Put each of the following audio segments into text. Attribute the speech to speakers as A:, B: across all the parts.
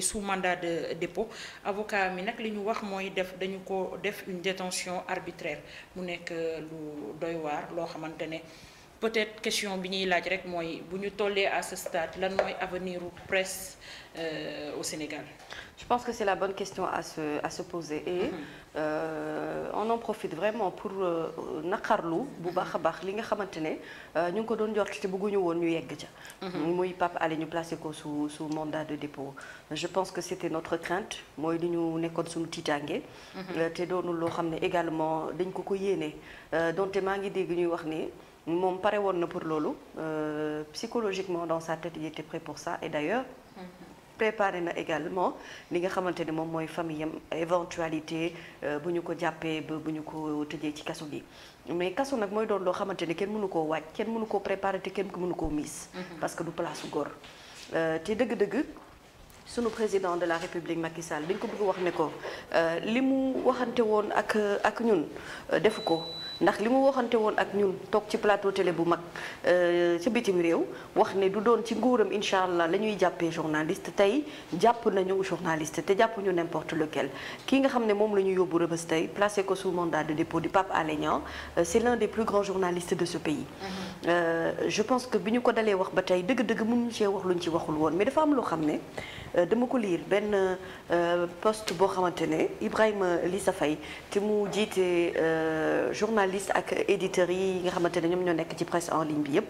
A: su mandat de dépôt avocat mi nag li ñu wax mooy def dañu ko def une détention arbitraire mu nekk euh, lu doy loo xamante ne peut-être question bi ñuy laaj rek mooy bu ñu tollee à ce stade lan mooy avenir u presse euh, au Sénégal.
B: Je pense que c'est la bonne question à se poser Euh, on en profite vraiment pour euh, naqarlu bu baax a baax li nga xamante ne euh, ñu ngi ko doon jort te bëgguñu woon ñu yegg ca. mooy mhm. Pape Alé ñu placé ko sous sous mandat de dépôt je pense que c'était notre crainte mooy li ñu nekkoon suñu tiitaange. Mhm. te doonul loo xam ne également dañ ko ko yéene donte maa ngi dégg ñuy wax ni. moom pare woon na pour loolu euh, psychologiquement dans sa tête il était prêt pour ça et d'ailleurs mhm. préparé na également li nga xamante ne moom mooy famille éventualité euh, bu ñu ko jàppee ba bu ñu ko tëjee ci kaso gi mais kaso nag mooy doon loo xamante ne kenn mënu koo waaj kenn mënu koo préparé te kenn mënu koo miis. Mm-hmm. parce que du place góor euh, te dëgg-dëgg. sunu président de la république Macky Sall dañ ko bëgg wax ne ko euh, li mu waxante woon ak ak ñun defu ko ndax li mu waxante woon ak ñun toog ci plateau télé bu mag euh, ci bitim réew wax ne du doon ci nguuram incha allah la ñuy jàppee journaliste tey jàpp nañu journaliste te jàpp ñu n'importe lequel kii nga xam ne moom la ñu yóbbu rëbës tey placé ko sous mandat de dépôt du Pape Alé Niang euh, c'est l'un des plus grands journalistes de ce pays mhm. euh, je pense que bi ñu ko dalee wax ba tey dëgg-dëgg mënuñu cee wax luñ ci waxul woon mais dafa am loo xam ne dama ko liir benn poste boo xamante ne Ibrahima Lissa Faye te mu jiite journaliste journaliste ak éditeurs yi nga xamante ne ñoom ñoo nekk ci presse en ligne bi yëpp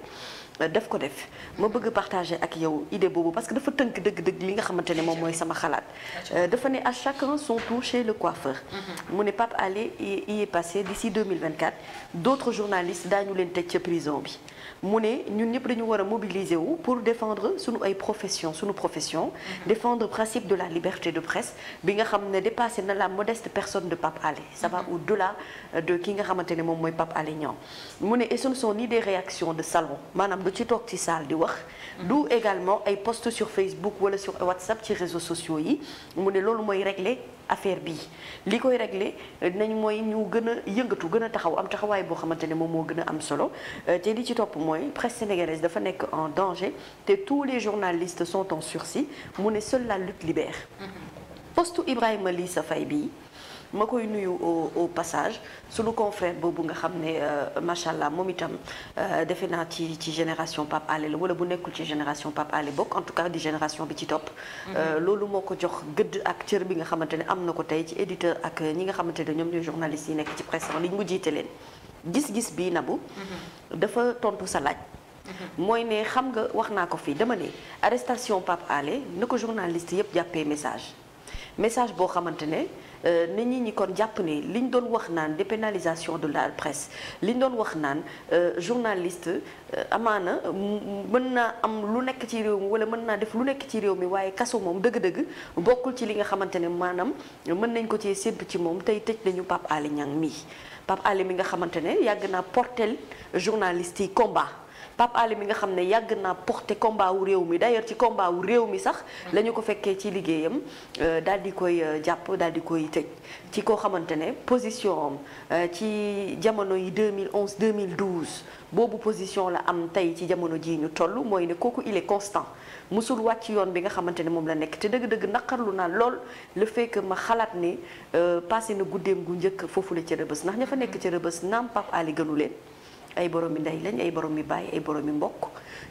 B: daf ko def ma bëgg partager ak yow idée boobu parce que dafa tënk dëgg-dëgg li nga xamante ne moom mooy sama xalaat euh, dafa ne à chacun son tour chez le coiffeur mm-hmm. mu ne Pape Alé y est passé d'ici 2024 d'autres journalistes daañu leen tëj ca prison bi mu ne ñun ñëpp dañu war a mobiliser wu pour défendre suñu ay profession suñu profession mm-hmm. défendre principe de la liberté de presse bi nga xam ne dépassé na la modeste personne de Pape Alé ça va mm-hmm. au-delà de ki nga xamante ne moom mooy Pape Alé Niang mu ne et ce ne sont ni des ba ci toog ci saal di wax du également ay post sur Facebook wala sur WhatsApp ci réseaux sociaux yi mu ne loolu mooy régler affaire bi li koy régler euh, nañ mooy ñu gën a yëngatu gën a taxaw am taxawaay boo xamante ne moom moo gën a am solo euh, te li ci topp mooy presse sénégalaise dafa nekk en danger te tous les journalistes sont en sursis mu ne seule la lutte libère mm-hmm. postu Ibrahima Lissa Faye bii ma koy nuyu au passage sunu confrère boobu nga xam ne euh, macha allah moom itam euh, defe naa ci ci génération Pape Alé la wala bu nekkul ci génération Pape Alé bokk en tout cas di génération bi ci topp. Mhm. Euh, loolu moo ko jox gëdd ak cër bi nga xamante ne am na ko tey ci éditeur ak ñi nga xamante ne ñoom ñooy journalistes yi nekk ci presse en ligne mu jiite leen gis-gis bii nabu. Mhm. dafa tontu sa laaj. Mhm. mooy ne xam nga wax naa ko fii dama ne arrestation Pape Alé na ko journaliste yëpp jàppee message message boo xamante ne. Euh, nit ñi ñi kon jàpp ne li ñu doon wax naan dépénalisation de la presse li doon wax naan euh, journaliste euh, amaana mën naa am lu nekk ci réew mi wala mën naa def lu nekk ci réew mi waaye kaso moom dëgg-dëgg bokkul ci li nga xamante ne maanaam mën nañ ko ci séddu ci moom tey tëj nañu Pape Alé Niang mii Pape Alé mi nga xamante ne yàgg naa portel journaliste yi combat Pape Ali mi nga xam ne yàgg naa porté combat wu réew mi d'ailleurs ci combat wu réew mi sax la ko fekkee ci liggéeyam euh, daal di koy euh, jàpp daal di koy tëj ci koo xamante ne position am euh, ci jamono yi 2011 2012 boobu position la am tey ci jamono jii ñu toll mooy ne kooku il est constant musul wàcc yoon bi nga xamante ne moom la nekk te dëgg-dëgg naqarlu naa lool le fekk ma xalaat ni passé na guddeem gu njëkk foofu la ca rëbës ndax ña fa nekk ca rëbës naam Pape Ali gënu leen ay borom mi ndey lañ ay borom mi bàyyi ay borom mbokk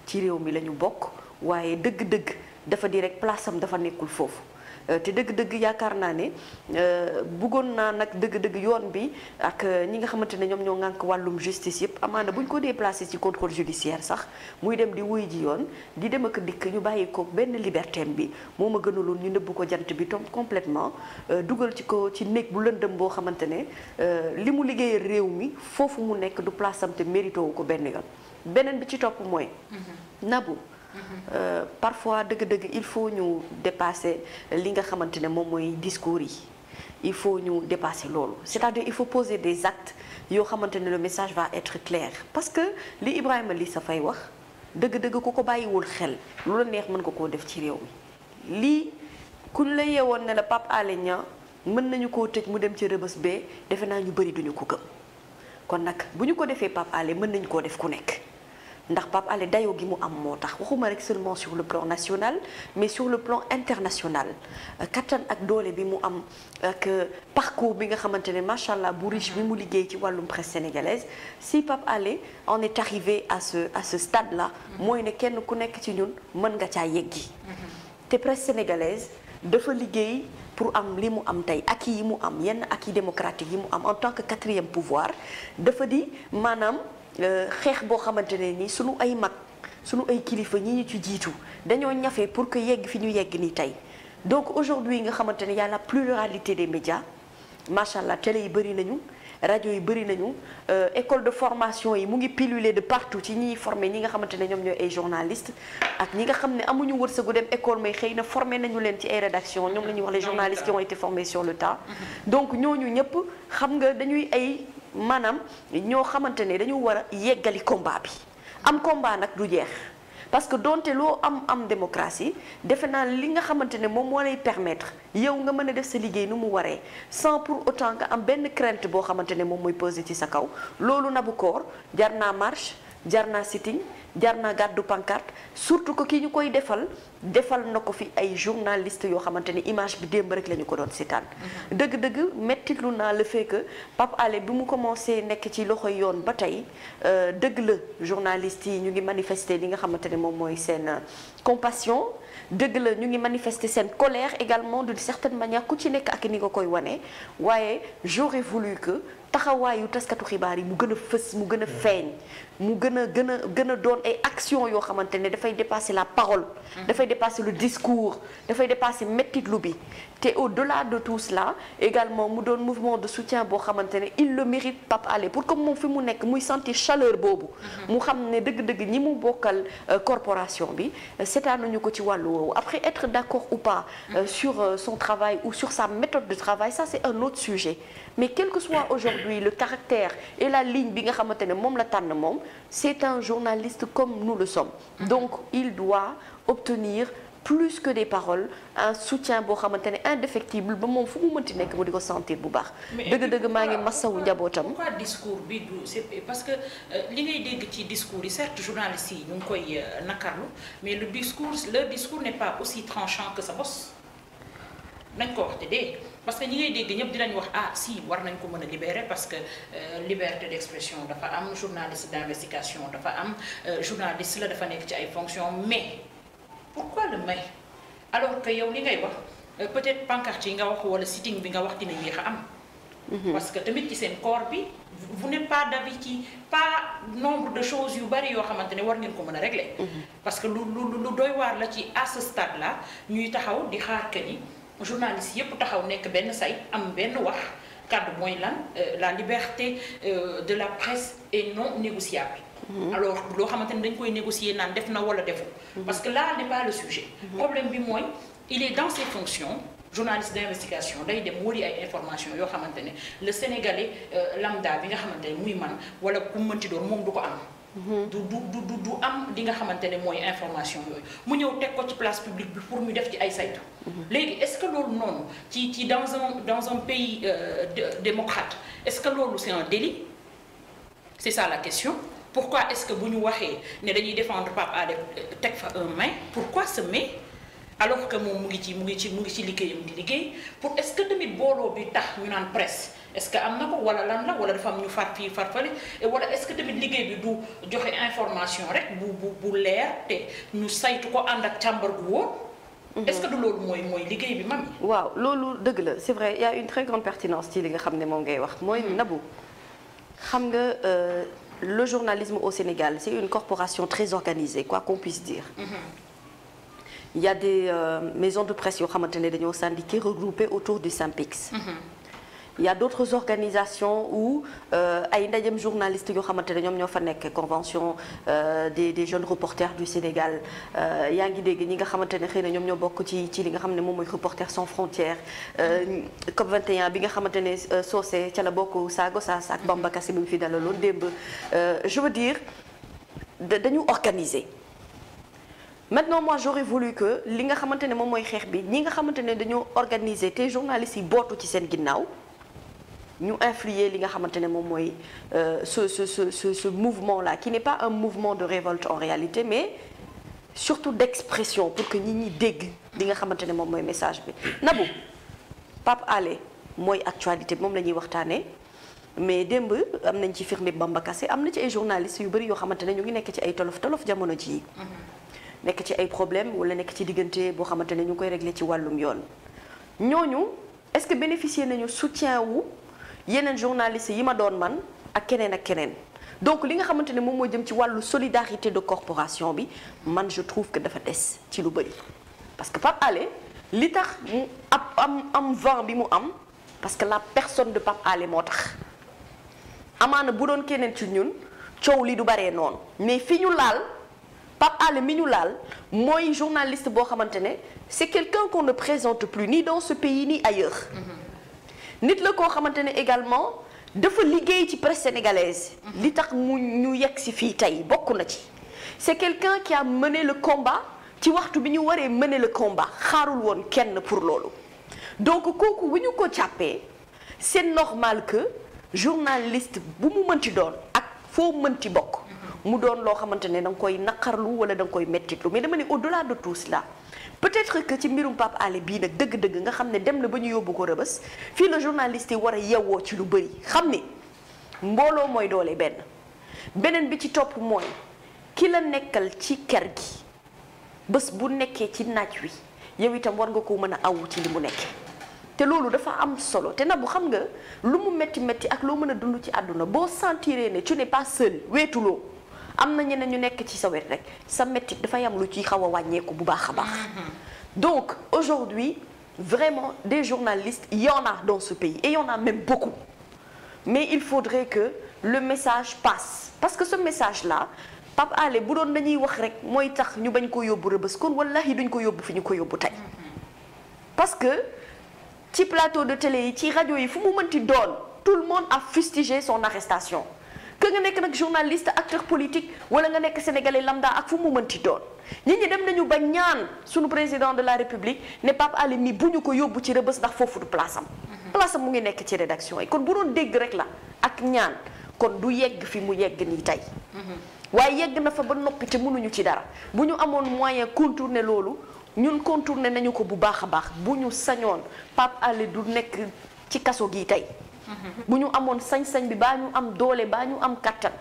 B: ci réew mi la ñu bokk waaye dëgg-dëgg dafa di rek place dafa nekkul foofu Euh, te dëgg-dëgg yaakaar naa ne euh, buggoon naa nag dëgg-dëgg yoon bi ak euh, ñi nga xamante ne ñoom ñoo ŋànk wàllum justice yëpp amaana bu ñu ko déplacé ci contrôle judiciaire sax muy dem di wuy ji yoon di dem ak dikk ñu bàyyi ko benn liberté bi moo ma gënaloon ñu nëbb ko jant bi tom complètement dugal ci ko ci néeg bu lëndëm boo xamante ne li mu liggéey réew mi foofu mu nekk du place am te mérito ko benn yoon beneen bi ci topp mooy mhm. nabu Euh, parfois dëgg-dëgg il faut ñu dépasser li nga xamante ne moom mooy discours yi il faut ñu dépasser loolu c'est-à-dire il faut poser des actes yoo xamante ne le message va être clair parce que li Ibrahima li sa fay wax dëgg-dëgg ku ko bàyyiwul xel lu la neex mën nga koo def ci réew mi lii ku ñu la yeewoon ne la Pape Alé Niang mën nañu koo tëj mu dem ci rëbës bee defe naa ñu bëri duñu ko gëm kon nag bu ñu ko defee Pape Alé mën nañu koo def ku nekk ndax Pape Alé dayoo gi mu am moo tax waxuma rek seulement sur le plan national mais sur le plan international euh, kattan ak doole bi mu am ak euh, parcours bi nga xamante ne macha allah bu riche bi mu liggéey ci wàllum presse sénégalaise si Pape Alé on est arrivé à ce à ce stade là. mooy ne kenn ku nekk ci ñun mën nga caa yeggi. te presse sénégalaise dafa liggéey. pour am li mu am tey acquis yi mu am yenn acquis démocratique yi mu am en tant que quatrième pouvoir dafa di maanaam xeex boo xamante ne ni sunu ay mag sunu ay kilifa ñi ñu ci jiitu dañoo ñafe pour que yegg fi ñu yegg ni tey donc aujourd'hui nga xamante ne y a la pluralité des médias macha allah télé yi bëri nañu rajo yi bëri nañu euh, école de formation yi mu ngi piluler de partout ci ñiy formé ñi nga xamante ne ñoom ñooy ay journalistes ak ñi nga xam ne amuñu wërsëgu dem école may xëy na formé nañu leen ci ay rédaction ñoom la ñuy wax les journalistes qui ont été formés le tas mm-hmm. donc maanaam ñoo xamante ne dañu war a yeggali combat bi am combat nag du jeex parce que donte loo am am démocratie defe naa li nga xamante ne moom moo lay permettre yow nga mën a def sa liggéey nu mu waree sans pour autant nga am benn crainte boo xamante ne moom mooy peser ci sa kaw loolu nabu koor jar naa marche jar naa sitting jar naa gàddu pancarte surtout que ki ñu koy defal defal na ko fi ay journaliste yoo xamante ni image bi démb rek la ñu ko doon seetaan. Mhm. dëgg-dëgg mettitlu naa le fait que Pape Alé bi mu commencé nekk ci loxo yoon ba tey euh, dëgg la journaliste yi ñu ngi manifester li nga xamante ne moom mooy seen euh, compassion. dëgg la ñu ngi manifester seen colère également d'une certaine manière ku ci nekk ak ni nga koy wane waaye j'aurais voulu que taxawaayu taskatu xibaar yi mu gën a fës mu gën a feeñ mu gën a gën a gën a doon ay action yoo xamante ne dafay dépasser la parole dafay dépasser le discours dafay dépasser mettitlu bi te au-delà de tout cela également mu doon mouvement de soutien boo xamante ne il le mérite Pape Alé pour que moom fi mu nekk muy sentir chaleur boobu mu xam ne dëgg-dëgg ñi mu bokkal euh, corporation bi euh, wàllu woowu après être d'accord ou pas euh, sur euh, son travail ou sur sa méthode de travail ça c'est un autre sujet mais quel que soit aujourd'hui le caractère et la ligne bi nga xamante ne moom la tànn moom c'est un journaliste comme nous le sommes mm-hmm. donc il doit obtenir plus que des paroles un soutien boo xamante ne indéfectible ba moom fu mu mënti nekk mu di ko sentir bu baax. dëgg-dëgg maa ngi massawu njabootam.
A: pourquoi discours parce que euh, li ngay dégg ci discours yi certes journalistes yi ñu ngi koy euh, nakarlu mais le discours le discours n'est pas aussi tranchant que sa bosse. nañ ko wax te dee parce que ñi ngay dégg ñëpp dinañ wax ah si war nañ ko mën a libérer parce que euh, liberté d'expression dafa am journaliste d'investigation dafa am journaliste la dafa nekk ci ay fonctions mais. pourquoi le may alors que yow li ngay wax euh, peut-être pancarte yi nga wax wala sitting bi nga wax dina yéex am. Mhm. parce que tamit ci seen corps bi. vous n'êtes pas d'avis ci pas nombre de chose yu bari yoo xamante ne war ngeen ko mën a régler. Mhm. parce que lu lu lu doy waar la ci à ce stade là ñuy taxaw di xaar que ni journaliste yépp taxaw nekk benn say am benn wax kàddu mooy lan euh, la liberté euh, de la presse est non bi Mm-hmm. alors loo xamante ne dañ koy négocier naan def na wala defu mm-hmm. parce que là n'est pas le sujet le mm-hmm. problème bi mooy il est dans ses fonctions journaliste d'investigation day dem wëri ay information yoo xamante ne le sénégalais euh, lambda bi nga xamante ne muy man wala ku mënti doon moom du ko am du du du du am li nga xamante ne mooy information yooyu mu ñëw teg ko ci place publique bi pour ñu def ci ay saytu. léegi est-ce que loolu noonu ci ci dans un dans un pays euh, démocrate est-ce que loolu c'est un la question pourquoi est-ce que bu ñu waxee ne dañuy defendre Pape Alé teg fa un mai pourquoi ce mai alors que moom mu ngi ci mu ngi ci mu ngi ci liggéeyam di liggéey pour est-ce que tamit booloo bi tax ñu naan presse est-ce que am na ko wala lan la wala dafa am ñu far fii far fale wala est-ce que tamit liggéey bi du joxe information rek bu bu bu leer te ñu saytu ko ànd ak càmbar gu wóor. Mhm. est-ce que du loolu mooy mooy liggéey bi
B: mam waaw loolu dëgg la c'est vrai il y a une très li nga xam ne moom ngay wax mooy mhm. nabu xam nga. Euh, le journalisme au Sénégal, c'est une corporation très organisée, quoi qu'on puisse dire. Mm -hmm. Il y a des euh, maisons de presse qui sont syndiquées, regroupées autour du Sampix. Mm -hmm. yaa y a d'autres organisations où euh, ay ndajem journalistes yoo xamante ne ñoom ñoo fa nekk convention euh, de des jeunes reporters du Sénégal euh, yaa ngi dégg ñi nga xamante ne xëy na ñoom ñoo bokk ci ci li nga xam ne moom mooy reporters sans frontières COP 21 bi nga xamante ne Socé ca la bokk saa Gossas ak Bamba Kassé bi mu fi loolu démb je veux dire dañu organiser. maintenant moi j'aurais voulu que li nga xamante ne moom mooy xeex bi ñi nga xamante ne dañoo organiser te journalistes yi bootu ci seen ginnaaw ñu influer li nga xamante ne moom mooy euh, ce ce ce ce mouvement là ki ne pas un mouvement de révolte en réalité mais surtout d'expression pour que nit ñi dégg li nga xamante ne moom mooy message bi Nabou Pape Alé mooy actualité moom la ñuy waxtaanee mais démb am nañ ci firnde Bamba Kassé am na ci ay journalistes yu bëri yoo xamante ne ñu ngi nekk ci ay tolof tolof jamono jii. Mm-hmm. nekk ci ay problème wala nekk ci diggante boo xamante ne ñu ngi koy régler ci wàllum yoon ñooñu yeneen journaliste yi ma doon man ak keneen ak keneen donc li nga xamante ne moom moo jëm ci wàllu solidarité de corporation bi man je trouve que dafa des ci lu bëri parce que Pape Alé li tax mu ab am am vent bi mu am parce que la personne de Pape Alé moo tax amaana bu doon keneen ci ñun coow li du baree noonu mais fi ñu laal Pape Alé mi ñu laal mooy journaliste boo xamante ne c'est quelqu'un qu'on ne présente plus ni dans ce pays ni ailleurs. Mm-hmm. nit la koo xamante ne également dafa liggéey ci presse sénégalaise. li tax mu ñu yegg si fii tey bokk na ci. c'est quelqu'un qui a mené le combat ci waxtu bi ñu waree mëne la combat xaarul woon kenn pour loolu donc kooku bu ñu ko càppee c'est normal que journaliste bu mu mënti doon ak foo mënti bokk. mu doon loo xamante ne da nga koy naqarlu wala danga koy mettitlu mais dama ne au delà de tout cela peut-être que ci mbirum Pape Alé bii nag dëgg-dëgg nga xam ne dem na ba ñu yóbbu ko rëbës fii la journaliste yi war a yewwoo ci lu bëri xam ne mbooloo mooy doole benn beneen bi ci topp mooy ki la nekkal ci ker gi bés bu nekkee ci naaj wi yow itam war nga ko mën a awu ci li mu nekkee. te loolu dafa am solo te nag bu xam nga lu mu métti métti ak loo mën a dund ci àdduna boo sentiree ne tu n'es pas weetuloo am na ñeneen ñu nekk ci sa wet sa mettit dafay am lu ci xaw a wàññeeku bu baax a baax mm-hmm. donc aujourd'hui vraiment des journalistes il y en a dans ce pays et il même beaucoup mais il faudrait que le message passe parce que ce message la Pape Alé bu doon dañuy wax rek mooy tax ñu bañ ko yóbbu rëbës kon wallahi duñ ko yóbbu fi ñu ko yóbbu tey mm-hmm. parce que ci plateau de télé yi ci rajo yi fu mu mënti doon tout le monde a fustigé son arrestation que nga nekk nag journaliste acteur politique wala nga nekk sénégalais lambda ak fu mu mënti doon nit ñi dem nañu ba ñaan suñu président de la république ne Pape Alé ni bu ñu ko yóbbu ci rëbës ndax foofu du place am. Mhm. place mu ngi nekk ci rédaction yi kon bu doon dégg rek la ak ñaan kon du yegg fi mu yegg nii tey. Mhm. waaye yegg na fa ba nokk te mënuñu ci dara bu ñu amoon moyen contourner loolu ñun contourner nañu ko bu baax a baax bu ñu sañoon Pape Alé du nekk ci kaso gii tey. bu ñu amoon sañ-sañ bi baa ñu am doole baa ñu am kattan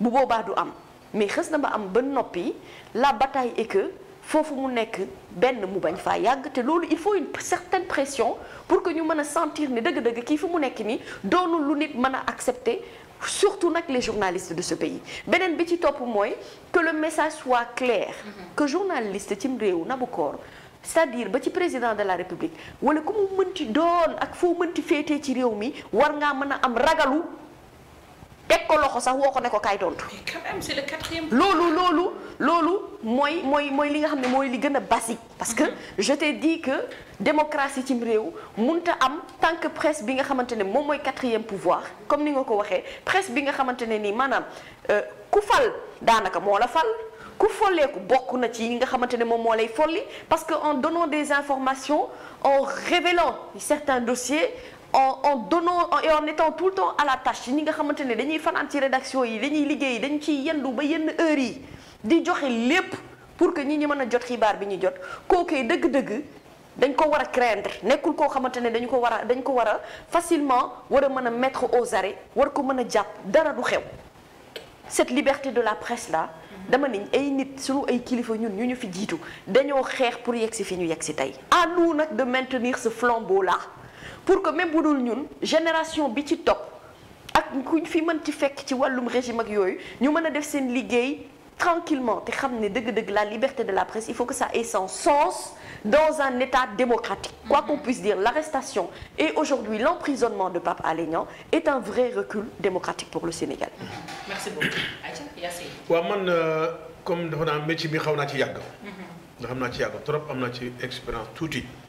B: bu boobaa du am mais xës na ba am ba noppi la bataille e que foofu mu nekk benn mu bañ faa yàgg te loolu il faut une certaine pression pour que ñu mën a sentir ni dëgg-dëgg kii fu mu nekk nii doonul lu nit mën a accepter surtout nag les journalistes de ce pays beneen bi ci topp mooy que le message soit clair mm-hmm. que ci mu réew na bu koor c'est-à-dire ba ci président de la république wala ku mu mënti doon ak foo mënti féetee ci réew mi war ngaa mën a am ragalu teg ko loxo sax woo ko ne ko kaay tontu. mais
A: quand même c'est le quatrième. loolu
B: loolu loolu mooy mooy mooy li nga xam ne mooy li gën a basique. parce que mm-hmm. je t'ai dit que démocratie cim réew mun munta am tant que bi nga xamante ne moom mooy quatrième pouvoir comme ni nga ko waxee presse bi nga xamante ne nii maanaam euh, ku fal daanaka moo la fal. ku folleeku bokk na ci yi nga xamante ne moom moo lay folli parce que en donnant des informations en révélant certains dossiers en en donnant et en étant tout le temps à la tâche yi ñi nga xamante ne dañuy fanaan ci rédaction yi dañuy liggéey dañ ci yendu ba yenn heures yi di joxe lépp pour que ñi ñi mën a jot xibaar bi ñu jot kookee dëgg-dëgg dañ ko war a craindre nekkul koo xamante ne dañu ko war a dañ ko war a facilement war a mën a mettre aux arrêts war ko mën a jàpp dara du xew cette liberté de la presse dama ni ay nit suñu ay kilifa ñun ñu ñu fi jiitu dañoo xeex pour yegg si fi ñu yegg si tey. à nous nag de maintenir ce flambeau là pour que même bu dul ñun génération bi ci topp ak kuñ fi mën ci fekk ci wàllum régime ak yooyu ñu mën a def seen liggéey. tranquillement te xam ne dëgg-dëgg la liberté de la presse il faut que ça ait son sens dans un état démocratique quoi qu'on puisse dire l'arrestation et aujourd'hui l'emprisonnement de Pape Alé Niang est un vrai recul démocratique pour le Sénégal
A: merci beaucoup Yacine.
B: waaw man euh, comme dafa naa métier bi xaw naa ci yàgg. Mm-hmm. nga xam naa ci yàgg trop am naa ci expérience tuuti.